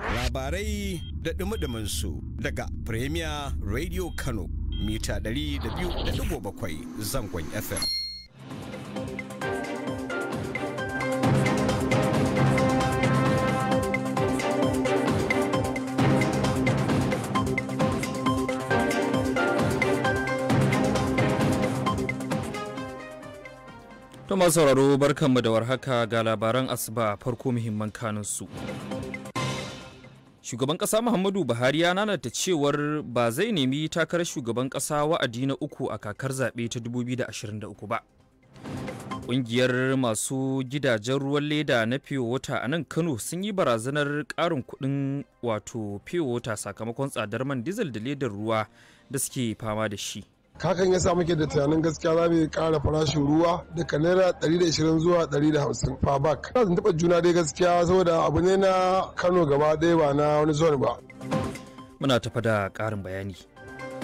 labarai da dumi su daga Premier Radio Kano mita 200.7 zangon FM. To sauraro barkanmu da warhaka ga labaran asuba farko muhimman kanunsu. shugaban kasa muhammadu buhari ya nanata cewar ba zai nemi takarar shugaban kasa wa'adi na uku a kakar zaɓe ta 2023 ba ƙungiyar masu gidajen ruwan leda na fiye a nan kano sun yi barazanar ƙarin kuɗin wato fiye sakamakon tsadar man dizal da ledar ruwa da suke fama da shi hakan ya sa muke da tunanin gaskiya za mu kara farashin ruwa daga naira 120 zuwa 150 per bag zan tuntuɓar juna dai gaskiya saboda abu ne na kano gaba ɗaya ba na wani zone ba muna tafa da ƙarin bayani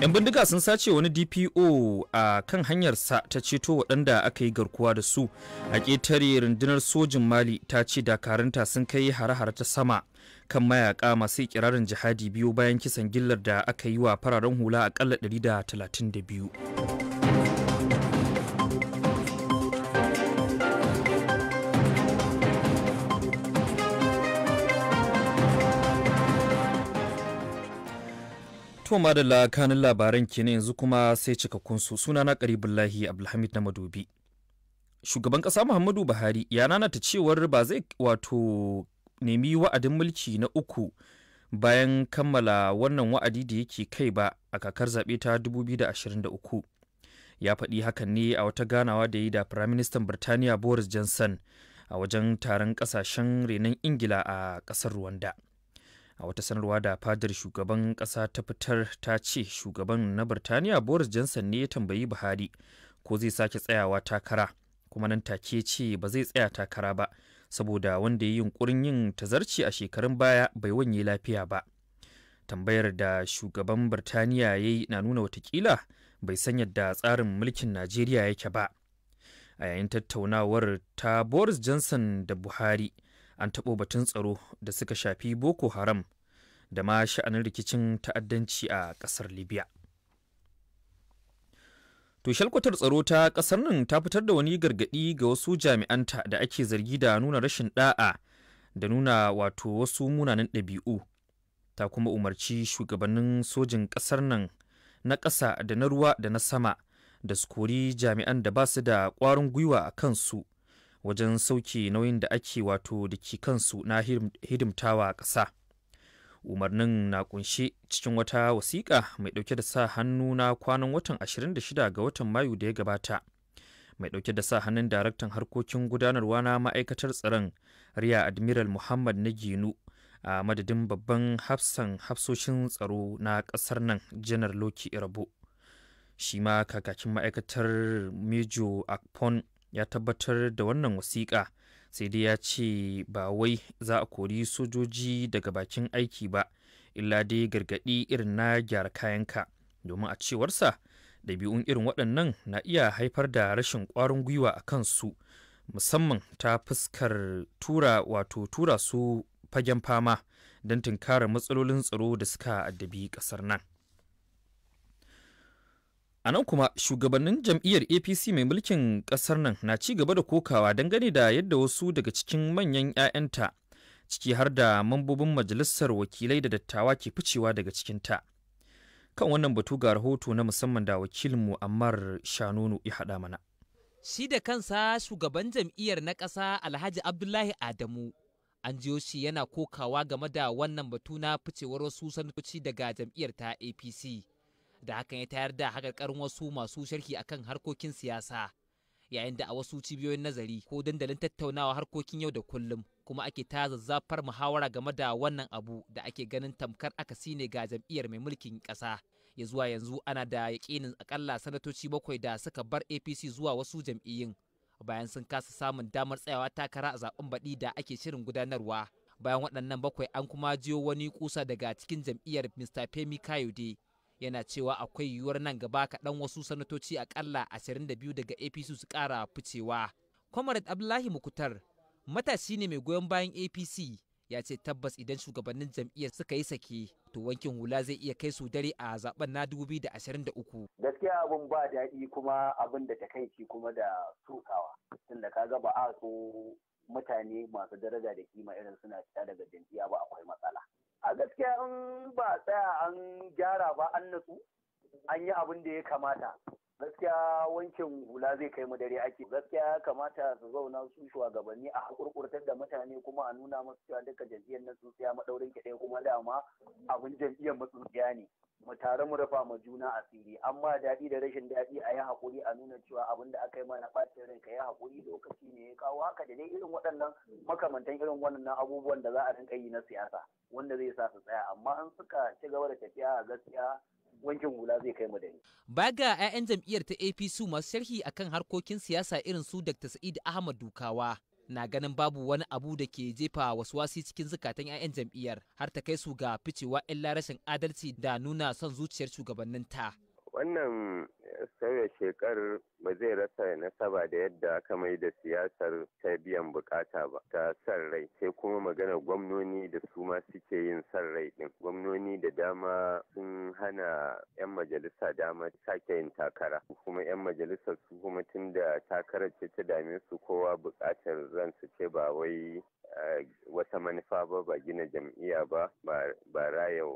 'yan bindiga sun sace wani dpo a kan hanyarsa ta ceto waɗanda aka yi garkuwa da su a ƙetare rundunar sojin mali ta ce dakarunta sun kai hare-hare ta sama kan mayaka masu kirarin jihadi biyu bayan kisan gillar da aka yi wa fararen hula akalla 132 To madalla kanin labaran kenan yanzu kuma sai cikakkun su sunana Karibullahi Abdulhamid na Madobi. Shugaban ƙasa Muhammadu Buhari ya nanata cewar ba zai wato nemi wa'adin mulki na uku bayan kammala wannan wa'adi da yake kai ba a kakar zaɓe ta 2023 ya faɗi hakan ne a wata ganawa da yi da firaministan birtaniya boris johnson a wajen taron ƙasashen renon ingila a ƙasar rwanda a wata sanarwa da fadar shugaban ƙasa ta fitar ta ce shugaban na birtaniya boris johnson ne ya tambayi buhari ko zai sake tsayawa takara kuma nan take ce ba zai tsaya takara ba saboda wanda ya yi yunkurin yin tazarci a shekarun baya bai wanye lafiya ba tambayar da shugaban birtaniya ya yi na nuna watakila bai san yadda tsarin mulkin najeriya yake ba a yayin tattaunawar ta boris johnson da buhari an taɓo batun tsaro da suka shafi boko haram da ma sha'anin rikicin ta'addanci a ƙasar libya To shalkwatar tsaro ta kasar nan ta fitar da wani gargaɗi ga wasu jami'anta da ake zargi da nuna rashin ɗa'a da nuna wato wasu munanan ɗabi'u. Ta kuma umarci shugabannin sojin ƙasar nan na ƙasa da na ruwa da na sama da su kori jami'an da ba su da ƙwarin gwiwa a kansu wajen sauke nauyin da ake wato da ke kansu na hidimtawa ƙasa. umarnin na kunshe cikin wata wasiƙa mai ɗauke da sa hannu na kwanan watan 26 ga watan mayu da ya gabata mai ɗauke da sa hannun daraktan harkokin gudanarwa na ma'aikatar tsaron riya admiral muhammad na ginu a madadin babban hafsan hafsoshin tsaro na ƙasar nan janar loki irabo shi ma kakakin ma'aikatar mejo akpon ya tabbatar da wannan wasiƙa sai dai ya ce ba wai za a kori sojoji daga bakin aiki ba illa dai gargaɗi irin na gyara kayanka domin a cewarsa ɗabi'un irin waɗannan na iya haifar da rashin ƙwarin gwiwa a kansu musamman ta fuskar tura wato tura su fagen fama don tunkarar matsalolin tsaro da suka addabi ƙasar nan A nan kuma shugabannin jam'iyyar APC mai mulkin ƙasar nan na ci gaba da kokawa dangane da yadda wasu daga cikin manyan 'ya'yanta ciki har da mambobin majalisar wakilai da dattawa ke ficewa daga cikinta. Kan wannan batu ga rahoto na musamman da wakilinmu Ammar Shanunu ya haɗa mana. Shi da kansa shugaban jam'iyyar na ƙasa Alhaji Abdullahi Adamu an jiyo shi yana kokawa game da wannan batu na ficewar wasu sanatoci daga jam'iyyar ta APC. da hakan ya tayar da hakarkarin wasu masu sharhi akan harkokin siyasa yayin da a wasu cibiyoyin nazari ko dandalin tattaunawa harkokin yau da kullum kuma ake ta zazzafar muhawara game da wannan abu da ake ganin tamkar akasi ne ga jam'iyyar mai mulkin ƙasa ya zuwa yanzu ana da yaƙinin akalla sanatoci bakwai da suka bar apc zuwa wasu jam'iyyun bayan sun kasa samun damar tsayawa takara a zaben baɗi da ake shirin gudanarwa bayan waɗannan bakwai an kuma jiyo wani kusa daga cikin jam'iyyar mr femi kayode yana cewa akwai yiwuwar nan gaba kaɗan wasu sanatoci akalla 22 daga apc su ƙara ficewa comrade abdullahi mukutar matashi ne mai goyon bayan apc ya ce tabbas idan shugabannin jam'iyyar suka yi sake to wankin hula zai iya kai su dare a zaben na 2023 gaskiya abin ba daɗi kuma abin da takaici kuma da sukawa tunda ka gaba a so mutane masu daraja da kima irin suna fita daga jam'iyya ba akwai matsala a gaskiya in ba tsaya an gyara ba an natsu an yi abin da ya kamata gaskiya wankin hula zai kai mu dare ake gaskiya ya kamata su zauna su shugabanni a hakurkurtar da mutane kuma a nuna musu cewa duka jam'iyyar na tsintsiya madaurin ki kuma dama abin jam'iyyar mu ne mu tare mu rufa ma juna asiri amma daɗi da rashin daɗi a yi hakuri a nuna cewa abin da aka yi mana ɓacin rai ka yi haƙuri lokaci ne ya kawo haka da dai irin waɗannan makamantan irin waɗannan abubuwan da za a rinka yi na siyasa wanda zai sa su tsaya amma in suka ci gaba da tafiya a gaskiya wankin hula zai kai mu da ni. Baya ga 'ya'yan jam'iyyar ta APC masu sharhi akan harkokin siyasa irin su Dr. Sa'id Ahmad Dukawa na ganin babu wani abu da ke jefa wasu wasi cikin zukatan 'ya'yan jam'iyyar har ta kai su ga ficewa illa rashin adalci da nuna son zuciyar shugabanninta. Wannan sauya shekar ba zai rasa nasaba da yadda aka mai da siyasar ta biyan bukata ba ta san rai sai kuma magana gwamnoni da su ma suke yin san rai din gwamnoni da dama sun hana 'yan majalisa dama sake yin takara kuma 'yan majalisa su kuma tun da takarar ce ta dame su kowa bukatar su ce ba wai eh, wata manufa ba ba gina jam'iyya ba ba raya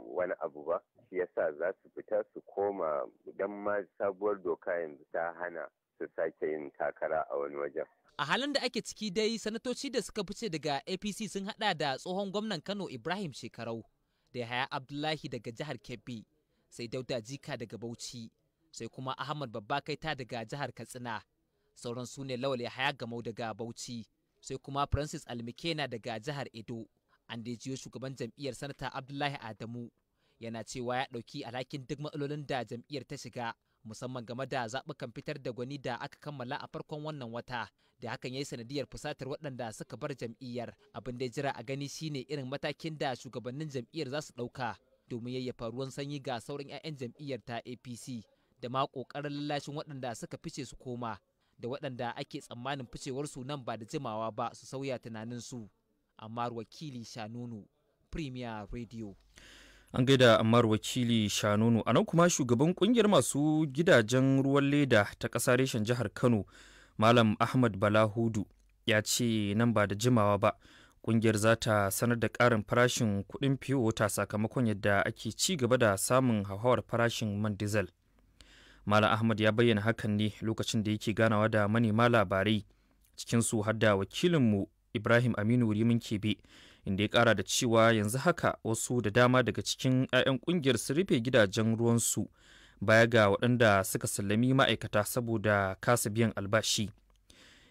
wani abu ba shi yasa za su fita su koma dan ma sabuwar doka yanzu ta hana su sake yin takara a wani wajen a halin da ake ciki dai sanatoci da suka fice daga apc sun hada da tsohon gwamnan kano ibrahim shekarau da yahaya abdullahi daga jihar kebbi sai dauda jika daga bauchi sai kuma ahmad babba kaita daga jihar katsina sauran su ne lawal yahaya gamau daga bauchi sai kuma francis almikena daga jihar edo an da jiyo shugaban jam'iyyar sanata abdullahi adamu yana cewa ya ɗauki alhakin duk matsalolin da jam'iyyar ta shiga musamman game da zaɓukan fitar da gwani da aka kammala a farkon wannan wata da hakan ya yi sanadiyar fusatar waɗanda suka bar jam'iyyar abin da jira a gani shine irin matakin da shugabannin jam'iyyar za su ɗauka domin yayyafa ruwan sanyi ga sauran 'ya'yan jam'iyyar ta apc da ma ƙoƙarin lallashin waɗanda suka fice su koma da waɗanda ake tsammanin ficewarsu nan ba da jimawa ba su sauya tunaninsu. su Ammar Wakili Shanunu, Premier Radio. An gaida Ammar Wakili Shanunu, a nan kuma shugaban kungiyar masu gidajen ruwan leda ta ƙasa reshen jihar Kano, Malam Ahmad Bala Hudu, ya ce nan ba da jimawa ba. Kungiyar za ta sanar da ƙarin farashin kuɗin fiyo wata sakamakon yadda ake ci gaba da samun hauhawar farashin man diesel. Malam Ahmad ya bayyana hakan ne lokacin da yake ganawa da manema labarai cikinsu har da wakilinmu ibrahim aminu rimin kebe inda ya kara da cewa yanzu haka wasu da dama daga cikin 'ya'yan kungiyar su rufe gidajen ruwansu baya ga waɗanda suka sallami ma'aikata saboda kasa biyan albashi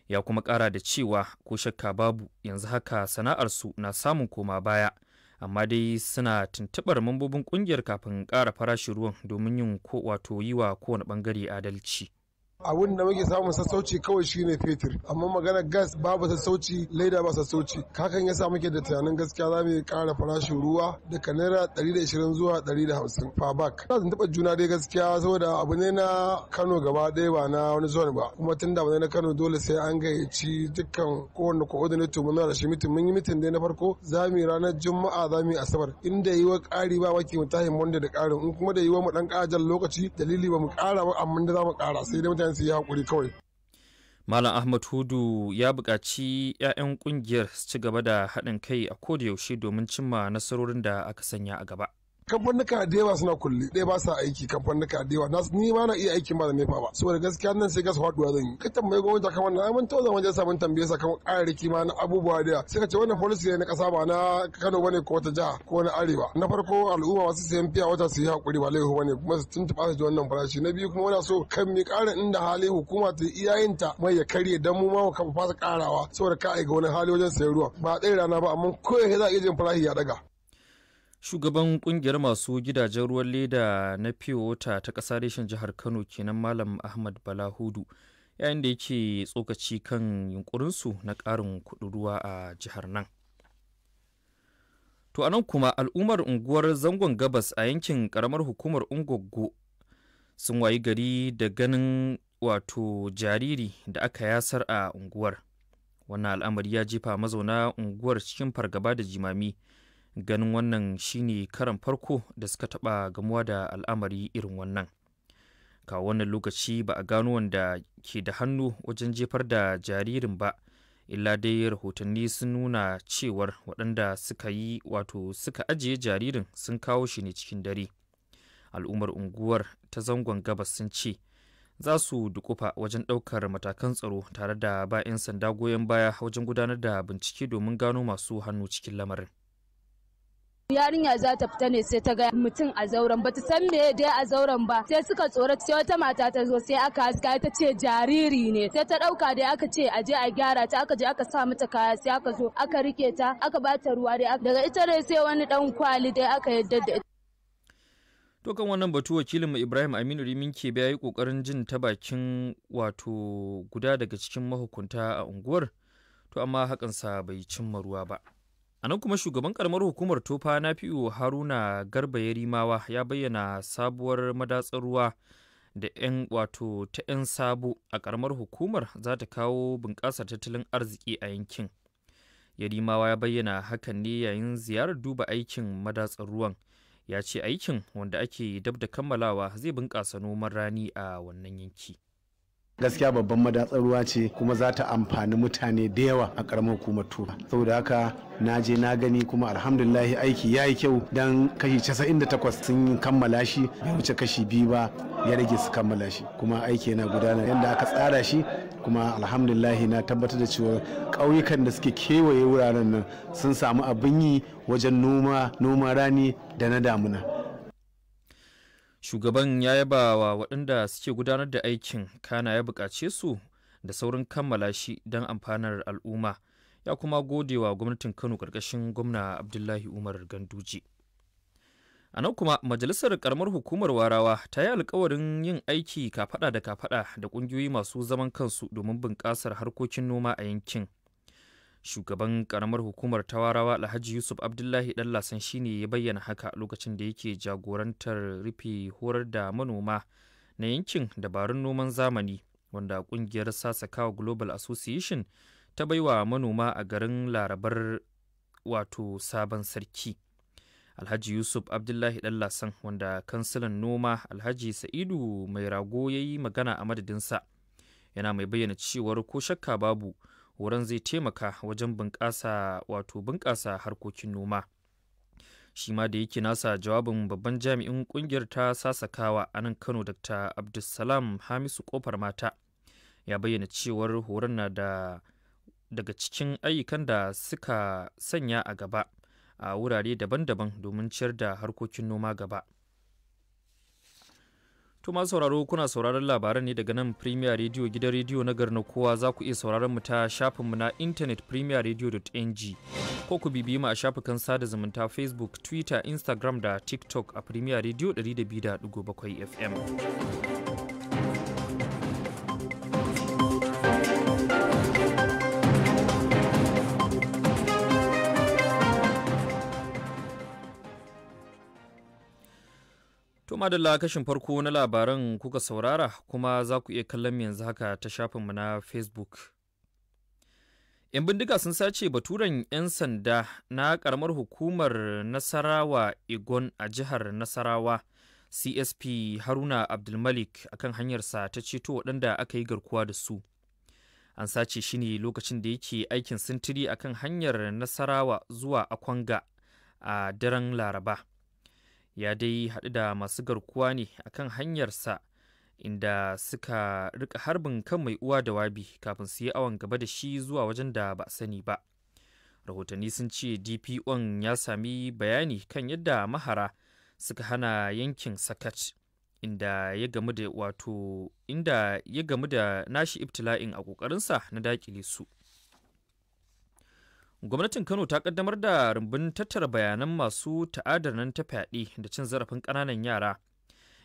ya kuma kara da cewa ko shakka babu yanzu haka sana'arsu na samun koma baya amma dai suna tuntuɓar mambobin kungiyar kafin ƙara farashin ruwan domin yin ko wato yi wa kowane ɓangare adalci. Abin da muke samun sassauci kawai shine fetur amma magana gas babu sassauci laida ba sassauci kakan yasa muke da tunanin gaskiya za mu kara farashin ruwa daga naira 120 zuwa 150 fa bak zan taba juna dai gaskiya saboda abu ne na Kano gaba ɗaya ba na wani zuwan ba kuma tun da na Kano dole sai an gayyaci dukkan kowanne coordinator mun da shi mitin mun yi mitin dai na farko za mu ranar Juma'a za mu yi Asabar inda yiwa ƙari ba wa mu Monday da ƙarin in kuma da yiwa mu ɗan ƙajan lokaci dalili ba mu ƙara ba amma da za mu ƙara sai dai mutane bayan su yi hakuri kawai Malam Ahmad Hudu ya buƙaci 'ya'yan ƙungiyar su ci gaba da haɗin kai a koda yaushe domin cimma nasarorin da aka sanya a gaba. kamfanuka da yawa suna kulle ɗaya ba sa aiki kamfanuka da yawa ni ma na iya aikin ba da nefa ba saboda gaskiya nan sai gasa faduwa zan yi ka tambaye gwamnati kamar na mun tauza wajen sabon tambaye sa kamar ƙararraki ma na abubuwa da yawa sai ka ce wannan policy ne na ƙasa ba na Kano bane ko wata jiha ko na arewa na farko al'umma masu sayan fiya wata su yi hakuri ba laifi bane kuma su tuntuɓa su ji wannan farashi na biyu kuma muna so kan mi ƙara inda hali hukuma ta ta mai ya karye dan mu ma mu fasa ƙarawa saboda ka ga wani hali wajen sayan ruwa ba ɗaya rana ba amma ko za a iya jin farashi ya daga shugaban kungiyar masu gidajen ruwan leda na piyota ta kasa reshen jihar kano kenan malam ahmad balahudu yayin da yake tsokaci kan yunkurinsu na karin kudin ruwa a jihar nan to anan kuma al'ummar unguwar zangon gabas a yankin karamar hukumar ungogo sun wayi gari da ganin wato jariri da aka yasar a unguwar wannan al'amari ya jefa mazauna unguwar cikin fargaba da jimami ganin wannan shine karan farko da suka taɓa gamuwa da al'amari irin wannan kawo wannan lokaci ba a gano wanda ke da hannu wajen jefar da jaririn ba illa dai rahotanni sun nuna cewar waɗanda suka yi wato suka ajiye jaririn sun kawo shi ne cikin dare al'ummar unguwar ta zangon gabas sun ce za su dukufa wajen ɗaukar matakan tsaro tare da ba 'yan sanda goyon baya wajen gudanar da bincike domin gano masu hannu cikin lamarin yarinya za ta fita ne sai ta ga mutum a zauren bata san me dai a zauren ba sai suka tsora sai wata mata ta zo sai aka haska ta ce jariri ne sai ta dauka dai aka ce a je a gyara ta aka je aka sa mata kaya sai aka zo aka rike ta aka bata ruwa dai daga ita dai sai wani dan kwali dai aka yadda da To kan wannan batu wakilinmu Ibrahim Aminu Rimin ke ya yi kokarin jin ta bakin wato guda daga cikin mahukunta a unguwar, to amma hakan sa bai cimma ruwa ba. A nan kuma shugaban karamar hukumar tofa na fiyo Haruna Garba Yarimawa ya bayyana sabuwar madatsar ruwa da 'yan wato ta 'yan sabo a karamar hukumar za ta kawo bunƙasar tattalin arziki a yankin. Yarimawa ya bayyana hakan ne yayin ziyarar duba aikin madatsar ruwan. Ya ce aikin wanda ake dab da kammalawa zai bunƙasa noman rani a wannan yanki. gaskiya babban madatsar ruwa ce kuma za ta amfani mutane da yawa a karamar hukumar tura saboda haka na je na gani kuma alhamdulillahi aiki ya yi kyau don kashi 98 sun kammala shi bai wuce kashi biyu ba ya rage su kammala shi kuma aiki yana gudana yadda aka tsara shi kuma alhamdulillahi na tabbatar da cewa ƙauyukan da suke kewaye wuraren nan sun samu abin yi wajen noma noma rani da na damuna shugaban ya yaba wa waɗanda suke gudanar da aikin kana ya buƙace su da saurin kammala shi don amfanar al'umma ya kuma gode wa gwamnatin kano ƙarƙashin gwamna abdullahi umar ganduji a nan kuma majalisar karamar hukumar warawa ta yi alkawarin yin aiki kafaɗa da kafaɗa da ƙungiyoyi masu zaman kansu domin bunƙasar harkokin noma a yankin shugaban karamar hukumar tawarawa alhaji yusuf abdullahi lasan shine ya bayyana haka lokacin da yake jagorantar rufe horar da manoma na yankin dabarun noman zamani wanda kungiyar sasakawa global association ta baiwa manoma a garin larabar wato sabon sarki alhaji yusuf abdullahi lasan wanda kansilan noma alhaji sa'idu mai rago ya yi magana a madadinsa yana mai bayyana cewar ko shakka babu wurin zai taimaka wajen bunƙasa wato bunƙasa harkokin noma shi ma da yake nasa jawabin babban jami'in ƙungiyar ta sasakawa a nan kano dr abdulsalam hamisu kofar mata ya bayyana cewar horon na da daga cikin ayyukan da suka sanya a gaba a wurare daban-daban domin ciyar da harkokin noma gaba. To sauraro kuna sauraron labaran ne daga nan Premier Radio gidan radio na garin kowa za ku iya sauraron mu ta shafin mu na intanet premierradio.ng ko ku bibi mu a shafukan sada zumunta Facebook, Twitter, Instagram da TikTok a Premier Radio 102.7 FM. da kashin farko na labaran kuka saurara kuma za ku iya kallon yanzu haka ta shafinmu na facebook 'yan bindiga sun sace baturen 'yan sanda na karamar hukumar nasarawa igon a jihar nasarawa csp haruna abdulmalik akan hanyarsa ta ceto waɗanda aka yi garkuwa da su an sace shi ne lokacin da yake aikin sintiri akan hanyar nasarawa zuwa akwanga a daren laraba ya dai haɗu da masu garkuwa ne akan hanyarsa inda suka rika harbin kan mai uwa da wabi kafin su yi awon gaba da shi zuwa wajen da ba sani ba rahotanni sun ce dpon ya sami bayani kan yadda mahara suka hana yankin sakat inda ya gamu da wato inda ya gamu da nashi ibtila'in a ƙoƙarinsa na dakile su gwamnatin kano ta kaddamar da rumbun tattara bayanan masu ta'adar nan ta fyaɗe da cin zarafin ƙananan yara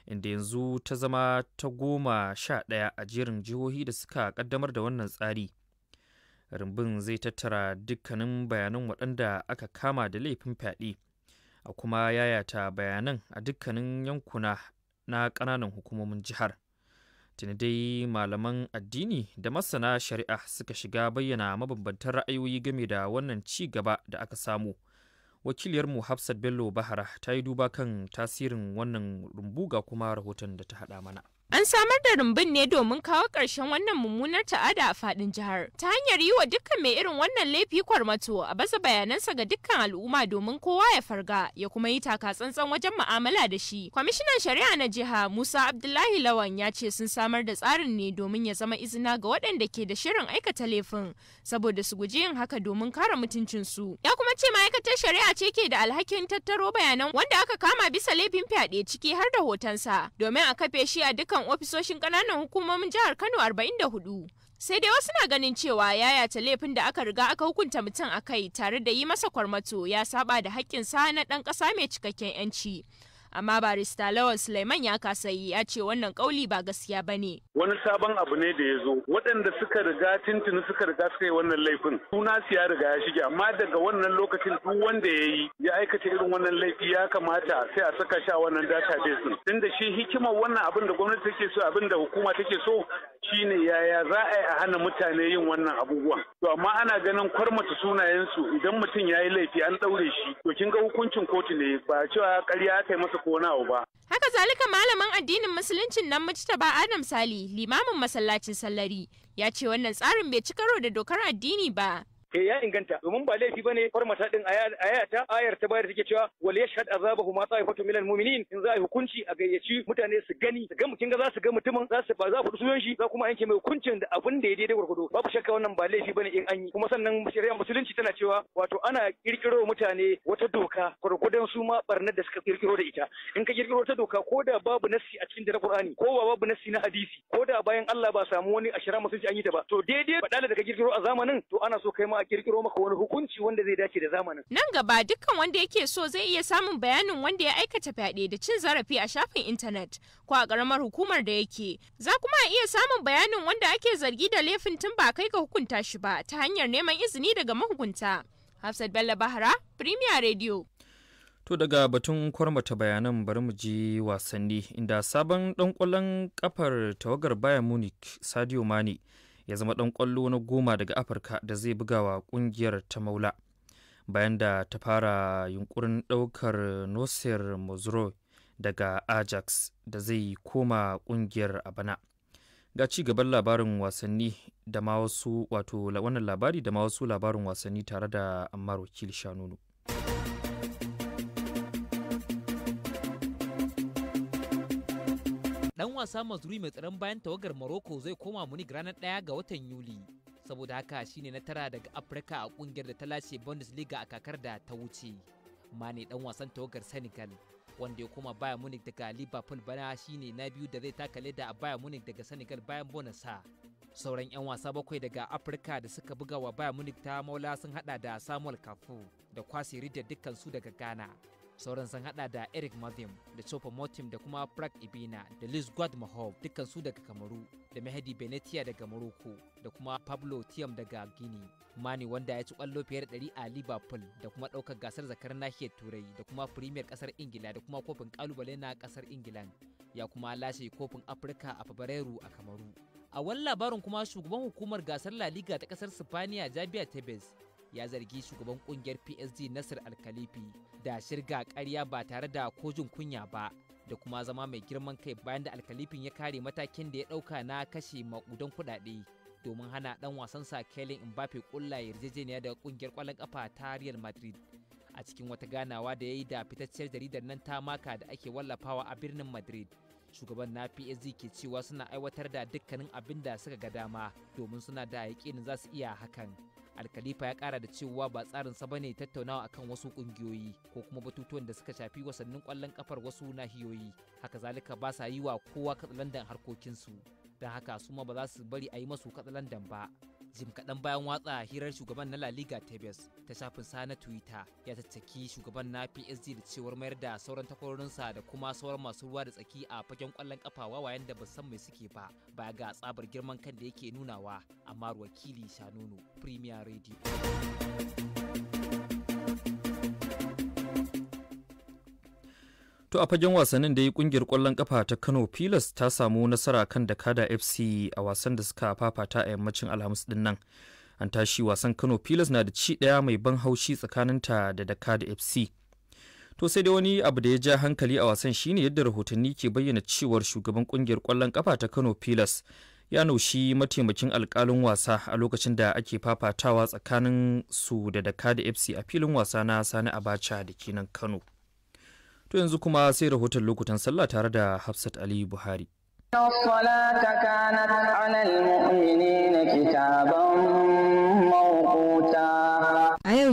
inda yanzu ta zama ta goma sha ɗaya a jerin jihohi da suka kaddamar da wannan tsari rumbun zai tattara dukkanin bayanan waɗanda aka kama da laifin fyaɗe a kuma yayata bayanan a dukkanin yankuna na ƙananan hukumomin jihar tuni dai malaman addini da masana shari'a suka shiga bayyana mabambantan ra'ayoyi game da wannan ci gaba da aka samu wakiliyar mu hafsat bello bahara ta yi duba kan tasirin wannan rumbuga kuma rahoton da ta haɗa mana An samar da rumbun ne domin kawo ƙarshen wannan mummunar ta'ada a faɗin jihar. Ta hanyar yi wa dukkan mai irin wannan laifi kwarmato a baza bayanansa ga dukkan al'umma domin kowa ya farga ya kuma yi taka tsantsan wajen mu'amala da shi. Kwamishinan shari'a na jiha Musa Abdullahi Lawan ya ce sun samar da tsarin ne domin ya zama izina ga waɗanda ke da shirin aikata laifin saboda su guji yin haka domin kare mutuncinsu. Ya kuma ce ma'aikatar shari'a ce ke da alhakin tattaro bayanan wanda aka kama bisa laifin fyaɗe ciki har da hotonsa domin a kafe shi a duka. dukkan ofisoshin kananan hukumomin jihar Kano 44. Sai dai wasu na ganin cewa yayata laifin da aka riga aka hukunta mutum a kai tare da yi masa kwarmato ya saba da haƙƙinsa na ɗan ƙasa mai cikakken 'yanci. amma barista Lawal Suleiman ya kasa yi ya ce wannan kauli ba gaskiya ba ne. Wani sabon abu ne da ya zo waɗanda suka riga tintini suka riga suka yi wannan laifin suna siya riga ya shige amma daga wannan lokacin duk wanda ya yi ya aikata irin wannan laifi ya kamata sai a saka sha a wannan data din tunda shi hikimar wannan abin da gwamnati take so abin da hukuma take so shine yaya za a yi a hana mutane yin wannan abubuwan to amma ana ganin kwarmata sunayensu idan mutum ya yi laifi an ɗaure shi to kin ga hukuncin kotu ne ba cewa ƙarya ta yi masa ko na ba. Haka zalika malamin addinin musuluncin nan Mujtaba Adam Sali limamin masallacin Sallari ya ce wannan tsarin bai ci karo da dokar addini ba ke eh, ya inganta domin ba laifi bane farmata din ayata ayar ta bayar take cewa wal yashhad azabahuma ta'ifatu al mu'minin in za a yi hukunci a gayyaci mutane su gani su ga mutum za su ga mutumin za su ba za su sunan shi za kuma yanke mai hukuncin da abin da ya daidai gwargwado babu shakka wannan ba laifi bane in an yi kuma sannan shari'a musulunci tana cewa wato ana kirkiro mutane wata doka gurgudan su ma barnar da suka kirkiro da ita in ka kirkiro ta doka ko da babu nassi a cikin da na Qur'ani ko ba babu nassi na hadisi ko da bayan Allah ba samu wani a musulunci an yi ta ba to daidai badala da ka kirkiro a zamanin to ana so kai ma kirkiro maka wani hukunci wanda zai dace da zamanin. Nan gaba dukkan wanda yake so zai iya samun bayanin wanda ya aikata fyaɗe da cin zarafi a shafin intanet ko a ƙaramar hukumar da yake. Za kuma a iya samun bayanin wanda ake zargi da laifin tun ba kai ga hukunta shi ba ta hanyar neman izini daga mahukunta. Hafsat Bello Bahara, Premier Radio. To daga batun kwarmata bayanan bari mu ji wasanni inda sabon ɗan kwallon kafar tawagar Bayern Munich Sadio Mane ya zama ɗan ƙwallo na goma daga afirka da zai bugawa ƙungiyar ta maula bayan da ta fara yunkurin ɗaukar nosir mozro daga ajax da zai koma ƙungiyar a bana ga ci gaban labarin wasanni da ma wasu wato wannan labari da ma wasu labarin wasanni tare da ammar wakil shanunu dan wasa mazuri mai tsaron bayan tawagar Morocco zai koma muni ranar ɗaya ga watan Yuli. Saboda haka shine na tara daga Afirka a kungiyar da ta lashe Bundesliga a kakar da ta wuce. Mane dan wasan tawagar Senegal wanda ya koma Bayern Munich daga Liverpool bana shine na biyu da zai taka leda a Bayern Munich daga Senegal bayan bonasa. Sauran 'yan wasa bakwai daga Afirka da suka buga wa Bayern Munich ta maula sun hada da Samuel Kafu da kwasi Ridda dukkan su daga Ghana. sauran sun hada da eric mathim da chopa motim da kuma frank ibina da liz guad mahob dukkan daga kamaru da mehdi benetia daga morocco da kuma pablo tiam daga guinea mani wanda ya ci kwallo fiye da 100 a liverpool da kuma daukar gasar zakar nahiyar turai da kuma premier kasar ingila da kuma kofin kalubale na kasar ingilan ya kuma lashe kofin afirka a fabrairu a kamaru a wani labarin kuma shugaban hukumar gasar la liga ta kasar spaniya javier tebes ya zargi shugaban kungiyar psd nasir alkalifi da shirga karya ba tare da kojin kunya ba da kuma zama mai girman kai bayan da alkalifin ya kare matakin da ya ɗauka na kashe makudan kuɗaɗe domin hana ɗan wasan wasansa kelin mbappe ƙulla yarjejeniya daga ƙungiyar ƙwallon ƙafa ta real madrid a cikin wata ganawa da ya yi da fitacciyar jaridar nan ta maka da ake wallafawa a birnin madrid shugaban na psg ke cewa suna aiwatar da dukkanin abin da suka ga dama domin suna da yaƙinin za su iya hakan alkalifa ya kara da cewa ba tsarinsa ba ne tattaunawa akan wasu kungiyoyi ko kuma batutuwan da suka shafi wasannin kwallon kafar wasu nahiyoyi haka zalika ba sa yi wa kowa katsalandan harkokinsu don haka su ma ba za su bari a yi masu katsalandan ba jim kaɗan bayan watsa hirar shugaban na La Liga Tevez ta shafin sa na Twitter ya tattaki shugaban na PSG da cewar mayar da sauran takwarorinsa da kuma sauran masu ruwa da tsaki a fagen kwallon kafa wawayen da ba san mai suke ba baya ga tsabar girman kan da yake nunawa amma wakili Shanunu Premier Radio. To a fagen wasannin da yi kungiyar kwallon kafa ta Kano Pilas ta samu nasara kan Dakada FC a wasan da suka fafata a yammacin Alhamis din nan. An tashi wasan Kano Pilas na da ci ɗaya mai ban haushi tsakaninta da Dakada FC. To sai dai wani abu da ya ja hankali a wasan shine yadda rahotanni ke bayyana cewar shugaban kungiyar kwallon kafa ta Kano Pilas ya naushi mataimakin alkalin wasa a lokacin da ake fafatawa tsakanin su da Dakada FC a filin wasa na Sani Abacha da kenan Kano. To yanzu kuma sai rahoton lokutan sallah tare da Hafsat Ali Buhari. الصلاة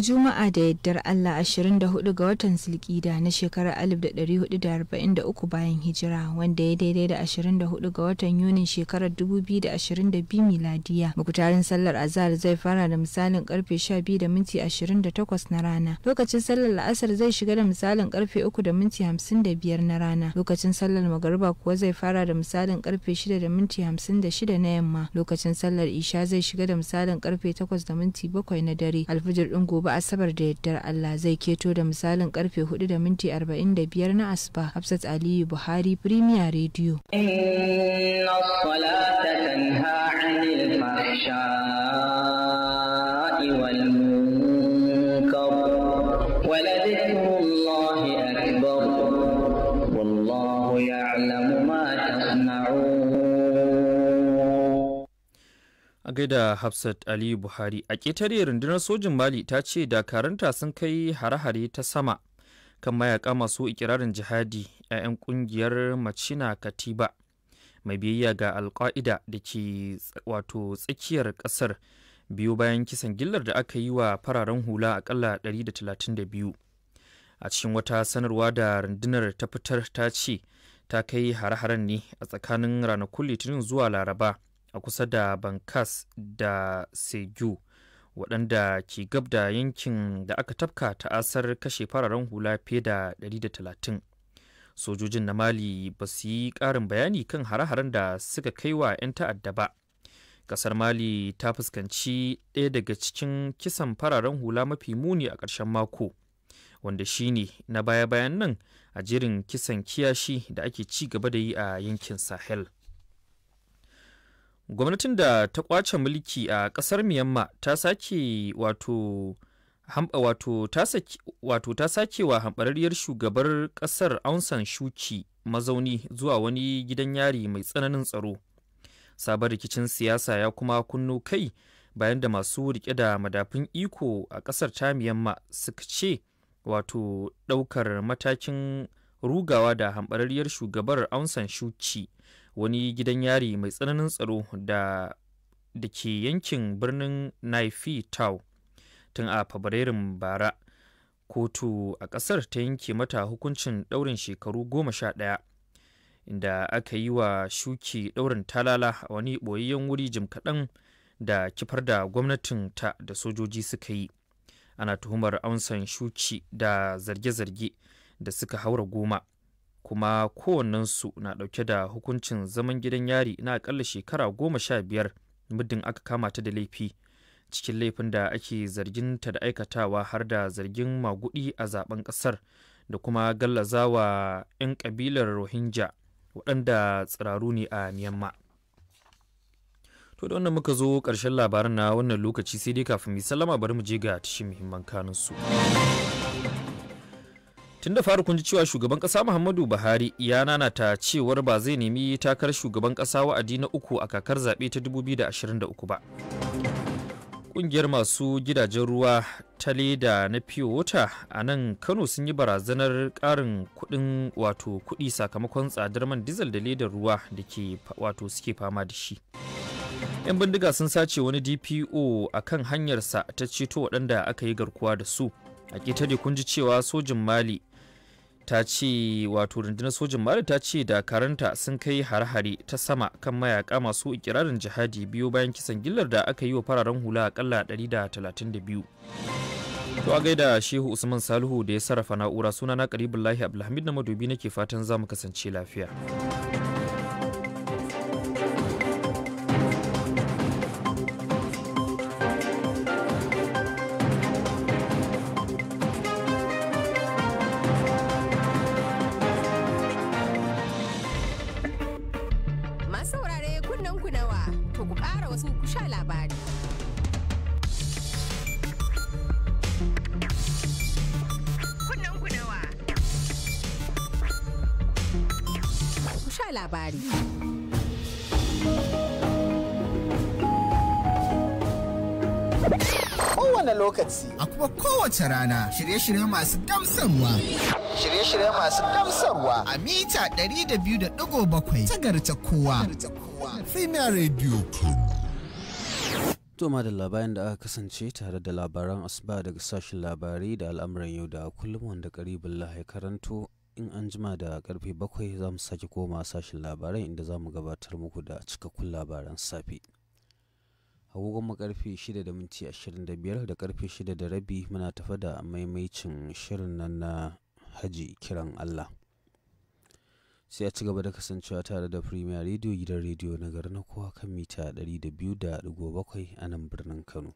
Juma'a da yaddar Allah 24 ga watan silkida na shekarar 1443 bayan hijira wanda ya daidai da 24 ga watan Yunin shekarar 2022 miladiya. makutarin sallar azhar zai fara da misalin karfe 12 da minti 28 na rana. Lokacin sallar la'asar zai shiga da misalin karfe 3 da minti 55 na rana. Lokacin sallar magariba kuwa zai fara da misalin karfe 6 da minti 56 na yamma. Lokacin sallar isha zai shiga da misalin karfe 8 da minti 7 na dare. Alfijir din gobe gobe asabar da yaddar Allah zai keto da misalin karfe 4 da minti 45 na asuba Hafsat Aliyu Buhari Premier Radio. Inna salata tanha 'anil fahsha da Hafsat Ali Buhari a ƙetare rundunar sojin Mali ta ce dakaranta sun kai hare-hare ta sama kan mayaka masu ikirarin jihadi a 'yan ƙungiyar Macina Katiba mai biyayya ga alƙa'ida da ke wato tsakiyar ƙasar biyu bayan kisan gillar da aka yi wa fararen hula akalla 132 a cikin wata sanarwa da rundunar ta fitar ta ce ta kai hare-haren ne a tsakanin ranakun litinin zuwa laraba a kusa da bankas da seju waɗanda ke gab da yankin da aka tafka ta asar kashe fararen hula fiye da 130 sojojin na mali ba su yi ƙarin bayani kan hare-haren da suka kai wa 'yan ta'adda ba ƙasar mali ta fuskanci ɗaya daga cikin kisan fararen hula mafi muni a ƙarshen mako wanda shi ne na baya-bayan nan a jirin kisan kiyashi da ake ci gaba da yi a yankin sahel gwamnatin da ta kwace mulki a kasar myanmar ta sake wato hamba wato ta sake wato ta sake wa hambarariyar shugabar kasar Aung San Suu Kyi mazauni zuwa wani gidan yari mai tsananin tsaro sabon rikicin siyasa ya kuma kunno kai bayan da masu rike da madafin iko a kasar ta Myanmar suka ce wato daukar matakin rugawa da hambarariyar shugabar Aung San Suu wani gidan yari mai tsananin tsaro da da ke yankin birnin Naifi Tau tun a Fabrairun bara. Kotu a ƙasar ta yanke mata hukuncin ɗaurin shekaru goma sha ɗaya inda aka yi wa shuki ɗaurin talala a wani ɓoyayyen wuri jim kaɗan da kifar da gwamnatin ta da sojoji suka yi. Ana tuhumar Aung shuki da zarge-zarge da suka haura goma kuma kowannensu na ɗauke da hukuncin zaman gidan yari na akalla shekara goma sha biyar muddin aka kama ta da laifi cikin laifin da ake zargin ta da aikatawa har da zargin magudi a zaben ƙasar da kuma gallazawa 'yan ƙabilar rohingya waɗanda tsiraru ne a myanmar to da wannan muka zo ƙarshen labaran na wannan lokaci sai dai kafin mu sallama bari mu je ga tashin muhimman kanunsu. tun da fari kun ji cewa shugaban kasa muhammadu buhari ya nanata cewar ba zai nemi takarar shugaban kasa wa'adi na uku a kakar zaɓe ta 2023 ba ƙungiyar masu gidajen ruwa ta leda na pure water a nan kano sun yi barazanar ƙarin kudin wato kudi sakamakon tsadar man dizal da ledar ruwa da ke wato suke fama da shi yan bindiga sun sace wani dpo a kan hanyarsa ta ceto waɗanda aka yi garkuwa da su a ƙetare kun ji cewa sojin mali ta ce wato rundunar sojin mali ta ce dakaranta sun kai har-hare ta sama kan mayaka masu ikirarin jihadi biyu bayan kisan gillar da aka yi wa fararen hula akalla 132 to a gaida shehu usman salihu da ya sarrafa na'ura suna na karibin lahi abdulhamid na madubi nake fatan za mu kasance lafiya rana shirye-shirye masu gamsarwa. Shirye-shirye masu gamsarwa a mita 200.7 tagarta kowa. Premier Radio. To da labarin da aka kasance tare da labaran asuba daga sashen labarai da al'amuran yau da kullum wanda karibin lahai karanto in an jima da karfe bakwai za mu sake koma sashen labaran inda za mu gabatar muku da cikakkun labaran safe. agogonmu karfe 6 da minti 25 da karfe 6 da rabi muna tafa da maimaicin shirin nan na haji kiran Allah sai a ci gaba da kasancewa tare da premier radio gidan rediyo na garin na kowa kan mita 200.7 a nan birnin kano